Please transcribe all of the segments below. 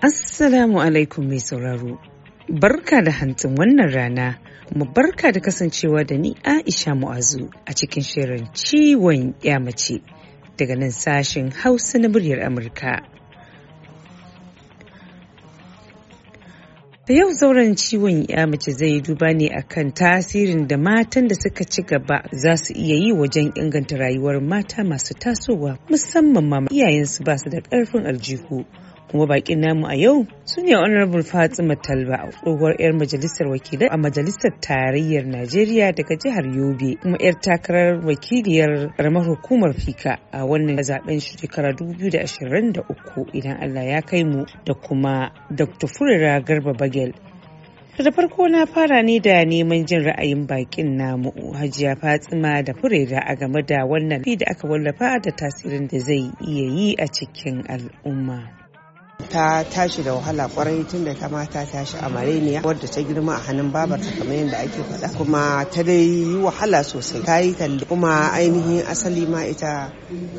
Assalamu alaikum mai sauraro. Barka da hantsin wannan rana, mu barka da kasancewa da ni Aisha Mu'azu a cikin shirin ciwon ya mace daga nan sashen Hausa na muryar Amurka. Da yau zauren ciwon ya mace zai duba ne akan tasirin da matan da suka ci gaba za su iya yi wajen inganta rayuwar mata masu tasowa musamman ma iyayensu ba su da ƙarfin aljihu. kuma bakin namu a yau su ne honorable fatima talba tsohuwar 'yar majalisar wakilai a majalisar tarayyar najeriya daga jihar yobe kuma 'yar takarar wakiliyar karamar hukumar fika a wannan zaben shekara 2023 idan allah ya kai mu da kuma dr furira garba bagel da farko na fara ne da neman jin ra'ayin bakin namu hajiya fatima da furera a game da wannan da aka wallafa da tasirin da zai iya yi a cikin al'umma ta tashi da wahala kwarai tun da ta ma tashi a mareniya wadda ta girma a hannun babar ta kamar yadda ake faɗa kuma ta dai yi wahala sosai ta yi talle kuma ainihin asali ma ita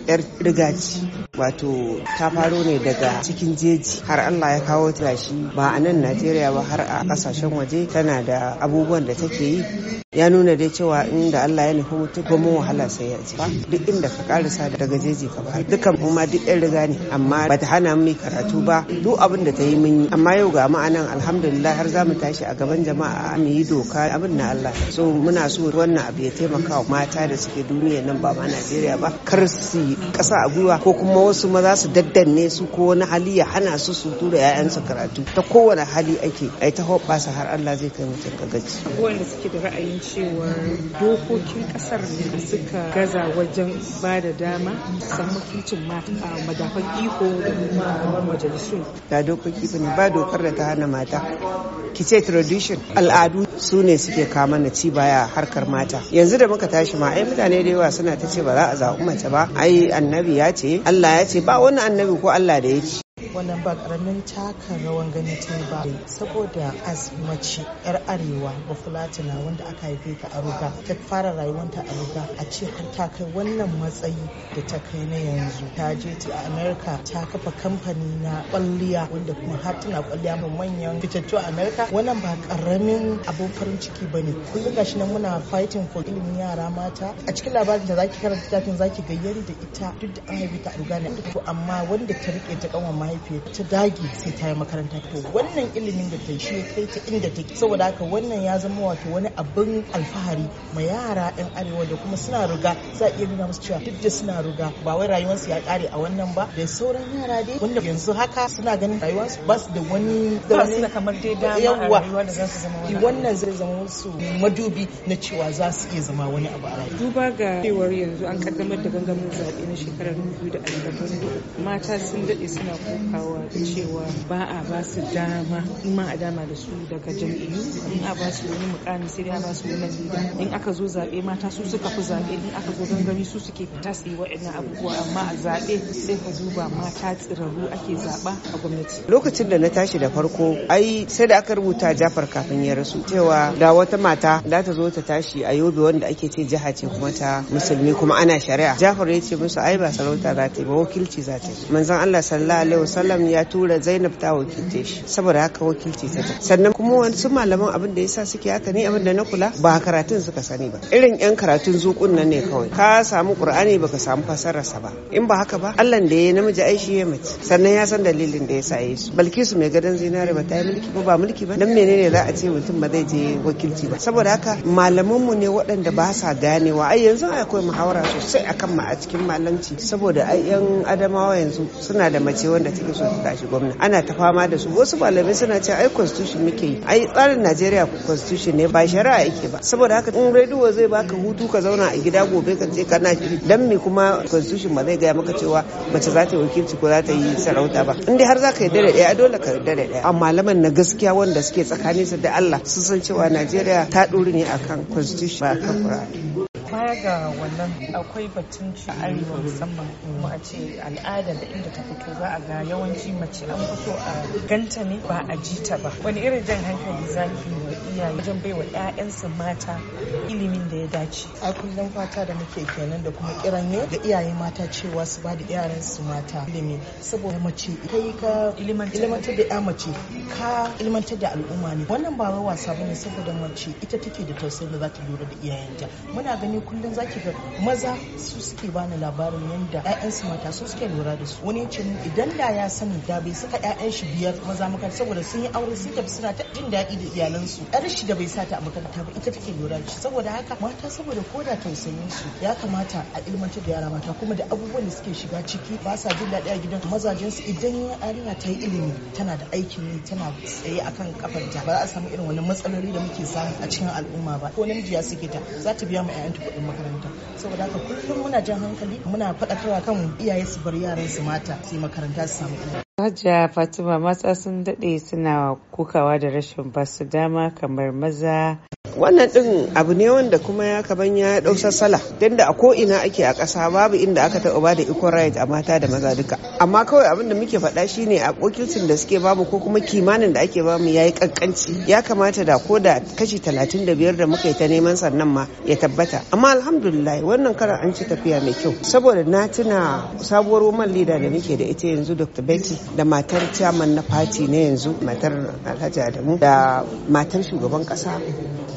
yar rigaci wato ta faro ne daga cikin jeji har Allah ya kawo ta shi ba a nan Najeriya ba har a kasashen waje tana da abubuwan da take yi ya nuna dai cewa inda Allah ya nufi mutum kuma wahala sai ya ci duk inda ka karisa daga jeji ka ba dukan mu ma duk yan riga ne amma bata hana mu karatu ba ba duk abin da ta yi mun yi amma yau ga ma'anan alhamdulillah har za mu tashi a gaban jama'a a yi doka abin na Allah so muna so wannan abu ya taimaka wa mata da suke duniya nan ba ma Najeriya ba kar su kasa a gwiwa ko kuma wasu maza su daddanne su ko wani hali ya hana su su tura 'ya'yansu karatu ta kowane hali ake ai ta hoɓasa har Allah zai kai mutum ka gaci. da suke da ra'ayin cewa dokokin kasar ne suka gaza wajen ba da dama samu mata a madafan iko da kuma majalisa. su ba dokoki ba ba dokar da ta hana mata ki ce tradition al'adu su ne suke kama na ci baya harkar mata yanzu da muka tashi ma ai mutane da yawa suna ta ce ba za a zaɓi mace ba ai annabi ya ce Allah ya ce ba wani annabi ko Allah da ya ce wannan ba karamin taka rawan gani ta ba saboda as mace yar arewa bafulatina fulatina wanda aka haife ta a ta fara rayuwanta a a ce har ta kai wannan matsayi da ta kai na yanzu ta je ta america ta kafa kamfani na kwalliya wanda kuma har tana kwalliya ma manyan fitattu a america wannan ba karamin abun farin ciki ba ne kullum shi nan muna fighting for ilimin yara mata a cikin labarin da zaki karanta zaki ga yadda ita duk da an haife ta a ne amma wanda ta rike ta kanwa mahaifi rufe ta dage sai ta yi makaranta to wannan ilimin da ta shi kai ta inda ta saboda haka wannan ya zama wato wani abin alfahari ma yara yan arewa da kuma suna ruga za a iya nuna musu cewa duk da suna ruga ba wai rayuwarsu ya kare a wannan ba da sauran yara dai wanda yanzu haka suna ganin rayuwarsu ba su da wani da wani kamar dai dama a rayuwa da za su zama wani wannan zai zama musu madubi na cewa za su iya zama wani abu a rayuwa duba ga cewar yanzu an kaddamar da gangamin zaɓe na shekarar 2023 mata sun daɗe suna kuka kokawa cewa ba a ba su dama in ma a dama da su daga jam'iyyu in a ba su wani mukami sai dai a ba su wani lida in aka zo zaɓe mata su suka fi zaɓe in aka zo gangami su suke fita su yi waɗannan abubuwa amma a zaɓe sai ka duba mata tsirarru ake zaɓa a gwamnati. Lokacin da na tashi da farko ai sai da aka rubuta Jafar kafin ya rasu cewa da wata mata za ta zo ta tashi a Yobe wanda ake ce jiha ce kuma ta musulmi kuma ana shari'a. Jafar ya ce musu ai ba sarauta za ta yi ba wakilci za ta yi. Manzon Allah sallallahu alaihi wasallam wasallam ya tura Zainab ta wakilce shi saboda haka wakilci ta ta sannan kuma wasu malaman abin da yasa suke haka ne abin da na kula ba karatun suka sani ba irin yan karatun zukun nan ne kawai ka samu Qur'ani baka samu fasararsa ba in ba haka ba Allah da ya namiji aishi ya mace sannan ya san dalilin da yasa yayi su Balkisu mai gadan zinare ba ta yi mulki ba ba mulki ba dan menene za a ce mutum ba zai je wakilci ba saboda haka malaman mu ne waɗanda ba sa ganewa ai yanzu akwai muhawara sosai akan ma a cikin malamci saboda ai yan adamawa yanzu suna da mace wanda take ake so ta shi gwamna ana ta fama da su wasu malamai suna ce ai constitution muke yi ai tsarin najeriya constitution ne ba shari'a yake ba saboda haka in rediyo zai baka hutu ka zauna a gida gobe ka je kana shiri dan me kuma constitution ba zai gaya maka cewa mace za ta yi wakilci ko za ta yi sarauta ba in dai har za ka yi da ɗaya dole ka yi da ɗaya amma malaman na gaskiya wanda suke tsakaninsu da Allah su san cewa Najeriya ta ɗori ne akan constitution ba akan Qur'ani ga wannan akwai batun ci arewa musamman kuma a ce al'ada da inda ta fito za a ga yawanci mace an fito a ganta ne ba a jita ba wani irin jan hankali zafi ga iyaye wajen baiwa 'ya'yansu mata ilimin da ya dace a kullum fata da muke kenan da kuma kiran ne. ga iyaye mata cewa su ba da yaransu mata ilimi saboda mace kai ka ilimantar da 'ya mace ka ilimantar da al'umma ne wannan ba wai wasa bane saboda mace ita take da tausayin da za ta lura da iyayenta muna gani kullum zaki ga maza su suke bani labarin yadda 'ya'yansu mata su suke lura da su wani ce idan da ya sani da bai saka 'ya'yan shi biyar maza maka saboda sun yi aure sun tafi suna ta jin daɗi da iyalansu shi yar shi da bai sa ta a makaranta ba ita take lura da shi saboda haka mata saboda koda tausayin su ya kamata a ilmantar da yara mata kuma da abubuwan da suke shiga ciki ba sa jin daɗi a gidan mazajen su idan yarinya ta yi ilimi tana da aikin yi tana tsaye akan kafanta ba za a samu irin wani matsaloli da muke samu a cikin al'umma ba ko namiji ya sake ta za ta biya ma 'ya'yanta kuɗin makaranta saboda haka kullum muna jan hankali muna faɗakarwa kan iyaye su bar yaran su mata su yi makaranta su samu ilimi hajja, Fatima mata sun daɗe suna kukawa da rashin basu dama kamar maza wannan din abu ne wanda kuma ya kaban ya dau sassala dan da a ko ina ake a ƙasa babu inda aka taɓa ba da equal right a mata da maza duka amma kawai abin da muke faɗa shine a da suke babu ko kuma kimanin da ake bamu yayi kankanci ya kamata da ko da kashi 35 da muka yi ta neman sannan ma ya tabbata amma alhamdulillah wannan karan an ci tafiya mai kyau saboda na tuna sabuwar woman leader da muke da ita yanzu Dr. Betty da matar chairman na party ne yanzu matar Alhaji Adamu da matar shugaban ƙasa.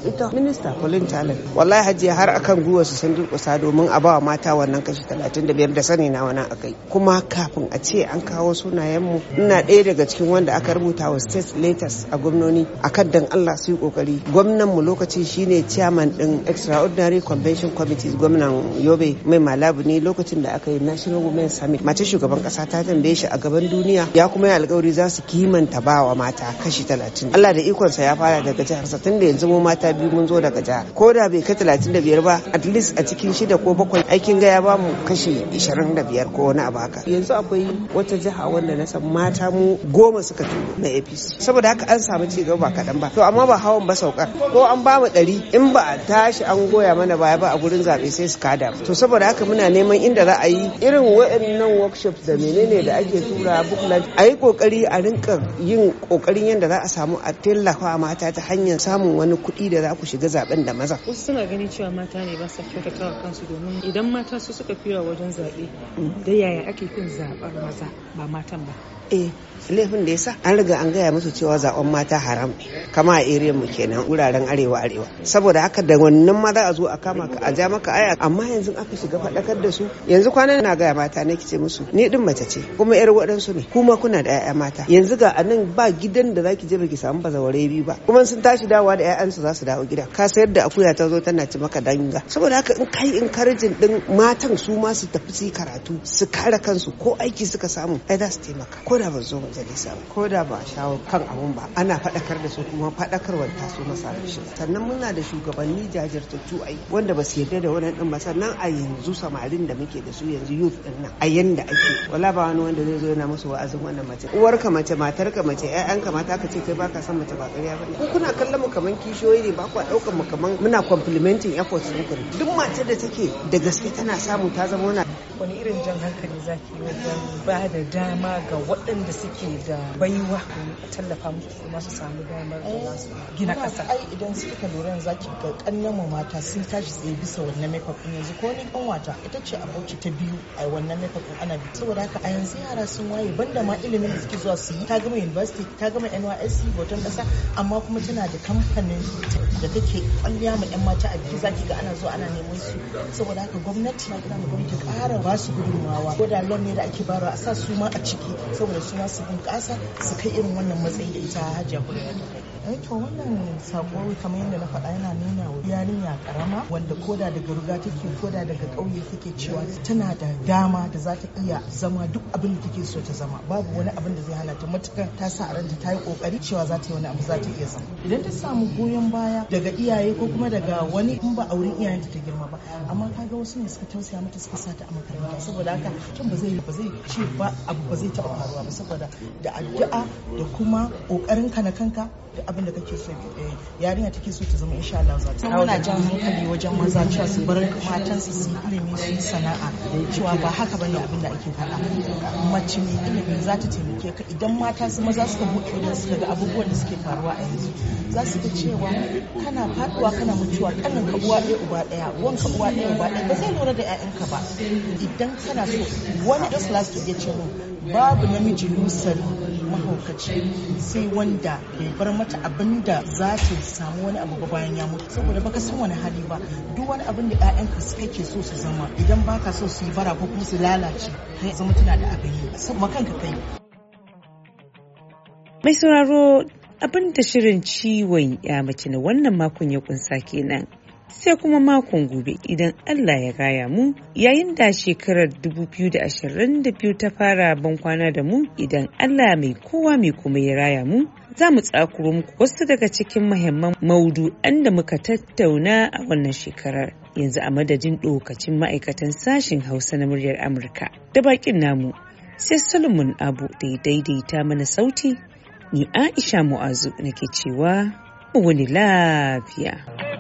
ita minista Pauline Talent wallahi hajiya har akan gwiwar su sun durkusa domin a bawa mata wannan kashi 35 da sani na wani akai kuma kafin a ce an kawo sunayen mu ina ɗaya daga cikin wanda aka rubuta wa state letters a gwamnoni akan dan Allah su yi kokari gwamnan mu lokacin shine chairman din extraordinary convention committee gwamnan Yobe mai malabu ne lokacin da aka yi national women summit mace shugaban kasa ta tambaye shi a gaban duniya ya kuma yi alkawari za su kimanta bawa mata kashi 30 Allah da ikonsa ya fara daga jihar sa tunda yanzu mu mata biyu mun zo daga jihar ko da bai kai talatin da biyar ba at least a cikin shida ko bakwai aikin gaya ba mu kashi ishirin da biyar ko wani abu haka yanzu akwai wata jiha wanda na san mata mu goma suka tuno na apc saboda haka an samu ci gaba kaɗan ba to amma ba hawan ba saukar ko an ba mu ɗari in ba a tashi an goya mana baya ba a gurin zaɓe sai su kada to saboda haka muna neman inda za a yi irin waɗannan workshop da menene da ake tura booklet a yi kokari a rinka yin kokarin yadda za a samu a tallafa mata ta hanyar samun wani kuɗi da za ku shiga zaben da maza wasu suna ganin cewa mata ne ba sa kawo kansu domin idan mata su suka fira wajen zaɓe mm. da yaya ake kun zaɓar maza ba matan ba eh laifin da ya sa. an riga an gaya musu cewa zaben mata haram kama a area mu kenan wuraren arewa arewa saboda haka da wannan ma za a zo a kama ka a ja maka aya amma yanzu aka shiga faɗakar da su yanzu kwanan na gaya mata na kice musu ni din mace ce kuma yar waɗansu ne kuma kuna da 'ya'ya mata yanzu ga anan ba gidan da zaki je baki samu bazaware biyu ba kuma sun tashi dawa da 'ya'yansu za su dawo gida ka sayar da akuya ta zo tana ci maka danga saboda haka in kai in karjin din matan su ma su tafi su karatu su kare kansu ko aiki suka samu ai za su taimaka ko da ba zo ba majalisa ko da ba a shawo kan abun ba ana faɗakar da su kuma faɗakarwar ta so masa shi sannan muna da shugabanni jajirtattu ai wanda ba su yarda da wani ɗin ba sannan a yanzu samarin da muke da su yanzu youth ɗin nan a yanda ake wala ba wani wanda zai zo yana musu wa'azin wannan mace uwar ka mace matar ka mace ka mata ka ce kai baka san mace ba ƙarya ba ko kuna kallon mu kaman kishiyoyi ne ba ku ɗaukan mu kaman muna complimenting efforts ku duk mace da take da gaske tana samu ta zama wani irin jan hankali zaki wajen ba da dama ga waɗanda suke suke da baiwa tallafa muku kuma su samu damar da su gina kasa Ai idan suka lura yanzu zaki ga ƙannan mu mata sun tashi tsaye bisa wannan makeup ɗin yanzu ko ni ɗan wata ita ce abauci ta biyu a wannan makeup ana bi. Saboda haka a yanzu yara sun waye banda ma ilimin da suke zuwa su yi ta gama university ta gama NYSC hoton kasa amma kuma tana da kamfanin da take kwalliya ma 'yan mata a biki zaki ga ana zuwa ana neman su saboda haka gwamnati na gina gwamnati ƙara ba su gudunmawa ko da ne da ake barawa a sa su ma a ciki saboda su ma su bunƙasa su kai irin wannan matsayi da ita hajiya kudu eh to wannan sako kamar yadda na faɗa yana nuna wa yarinya karama wanda koda daga ruga take koda daga ƙauye take cewa tana da dama da za ta iya zama duk abin da take so ta zama babu wani abin da zai hana ta matukar ta sa ranta ta yi kokari cewa za ta yi wani abu za ta iya zama idan ta samu goyon baya daga iyaye ko kuma daga wani in ba auren iyayenta ta girma ba amma kaga wasu ne suka tausaya mata suka sa ta a makaranta saboda haka kin ba zai ba zai ce ba abu ba zai taɓa faruwa ba saboda da addu'a da kuma kokarin ka na kanka abin da kake so eh, yarinya take so ta zama insha Allah za ta muna jan hankali wajen maza cewa su bar matan su su ilimi su sana'a cewa ba haka bane abin da ake faɗa mace mai ilimi za ta taimake ka idan mata su maza suka buɗe idan suka ga abubuwan da suke faruwa a yanzu za su ga cewa kana faduwa kana mutuwa kanin ka uwa ɗaya uba ɗaya wanka uwa ɗaya uba ɗaya ba zai lura da ka ba idan kana so wani ɗan last ya ce babu namiji lusari mahaukaci sai wanda bai bar mata abin da za ta samu wani abu ba bayan ya mutu saboda baka san wani hali ba duk wani abin da ka suka ke so su zama idan baka so su yi bara ko kuma su lalace kai zama tana da abin yi saboda kanka kai mai sauraro abin da shirin ciwon ya mace na wannan makon ya kunsa kenan sai kuma makon gobe idan Allah ya gaya mu yayin da shekarar 2022 ta fara bankwana da mu idan Allah mai kowa mai kuma ya raya mu za mu tsakuro muku wasu daga cikin muhimman maudu'an da muka tattauna a wannan shekarar yanzu a madadin ɗokacin ma'aikatan sashen hausa na muryar amurka da bakin namu sai solomon abu da ya daidaita mana sauti ni aisha mu'azu nake cewa wani lafiya.